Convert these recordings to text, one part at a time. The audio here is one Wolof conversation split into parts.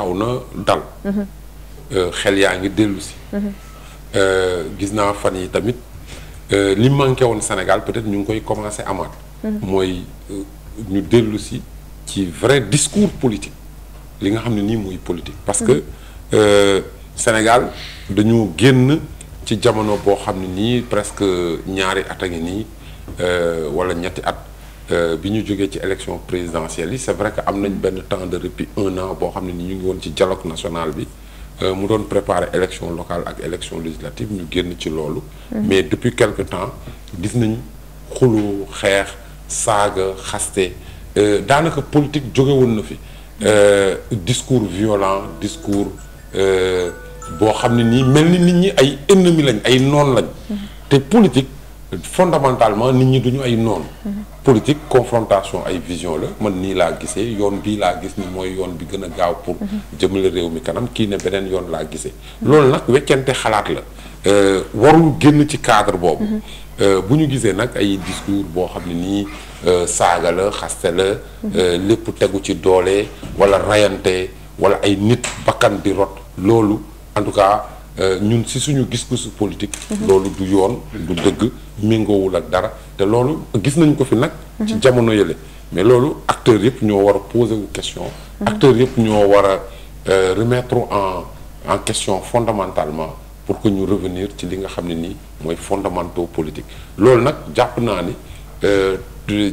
xaw na dal mhm. euh, xel yaa ngi dellu mhm. euh, gis naa fan yi tamit euh, li manqué woon Sénégal peut-être ñu ngi koy commencer amaat mhm. mooy ñu dellu si ci vrai discours politique li nga xam ne nii mooy politique parce que euh, Sénégal dañoo génn ci jamono boo xam ne nii presque ñaari at a ngi nii wala ñetti at Euh, bi ñu jógee ci élection présidentielle yi c'est vrai que am nañ benn temps de répit un an boo xam ne ni ñu ngi woon ci dialogue national bi euh, mu doon préparer élection locale ak élection législative ñu génn ci loolu mhm. mais depuis quelque temps gis nañ xulu xeex saaga xaste euh, daanaka politique jóge na fi discours violent discours boo xam ne nii mel ni nit ñi ay ennemis lañ ay noon lañ mhm. te politique fondamentalement nit ñi duñu ay noonu. politique confrontation ay vision la man nii laa gisee yoon bii laa gis ni mooy yoon bi gën a gaaw pour jëmale réew mi kanam kii ne beneen yoon laa gisee loolu nag weccante xalaat la euh, warul génn ci cadre boobu euh, bu ñu gisee nag ay discours boo xam ne nii euh, saaga la xaste la lépp tegu ci doole wala rayante wala ay nit bakkan di rot loolu en tout cas Euh, ñun si suñu gis-gisu politique. Mhm. loolu du yoon du dëgg méngoowul ak dara te loolu gis nañ ko fi nag. ci mhm. jamono yële mais loolu acteur yëpp ñoo war a poser question. Mhm. acteurs yëpp ñoo war a euh, remettre en en question fondamentalement pour que ñu revenir ci li nga xam ne nii mooy fondamentaux politique loolu nag jàpp naa ni. Euh,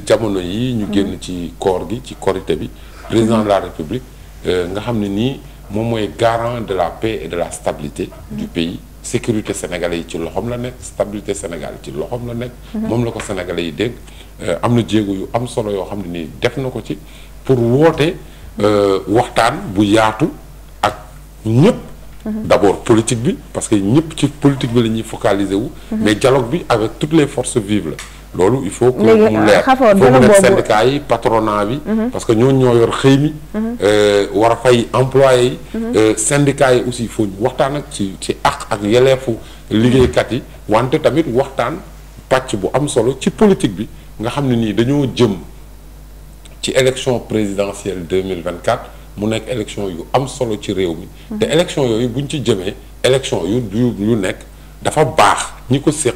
jamono yi ñu génn ci koor gi ci korité bi président de la république nga xam ne nii moom mooy garant de la paix et de la stabilité du mm-hmm. pays sécurité sénégalais yi ci loxoom la nekk stabilité Sénégal ci loxoom la nekk mm-hmm. moom la ko sénégalais yi dégg euh, am na jéego yu am solo yoo xam ne nii def na ko ci pour woote euh, waxtaan bu yaatu ak ñëpp mm-hmm. d'abord politique bi parce que ñëpp ci politique bi la ñuy focaliser wu mais dialogue bi avec toutes les forces vives la loolu il faut que mu leer foo mu nekk syndicat yi patronat bi mhm. parce que ñoo ñoo yor xëy mi mhm. euh, war a fay employé yi mhm. euh, syndicat yi aussi foo ñu waxtaan ak ci ci àq ak yeleefu liggéeykat yi wante tamit waxtaan pàcc bu am solo ci politique bi nga xam ne nii dañoo jëm ci élection présidentielle 2024 mu nekk élection yu am solo ci réew mi te élection yooyu buñ ci jëmee élection yu yu nekk dafa baax ñi ko séq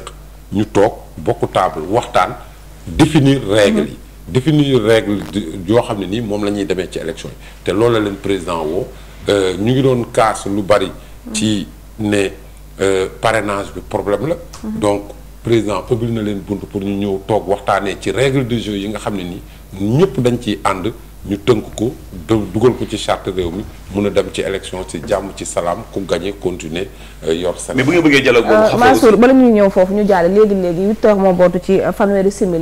ñu toog bokk table waxtaan définir règle yi définir règle yoo xam ne nii moom la ñuy demee ci élection yi te loolu la leen président woo euh, ñu ngi doon kaas lu bari ci ne euh, parenage bi problème la mhm. donc président ubbil na leen bunt pour ñu ñëw toog waxtaanee ci régle de jeu yi nga xam ne nii ñëpp dañ ciy ànd ñu tënk ko dugal ko ci charte réew mi mun a dem ci élection ci jàmm ci salaam ku gagné continuer euh, yor sa mais bu nga bëggee dialogue boobu euh, Mansour bala ñuy ñëw foofu ñu jaale léegi léegi huit heures moo bootu ci euh, fanweeri simili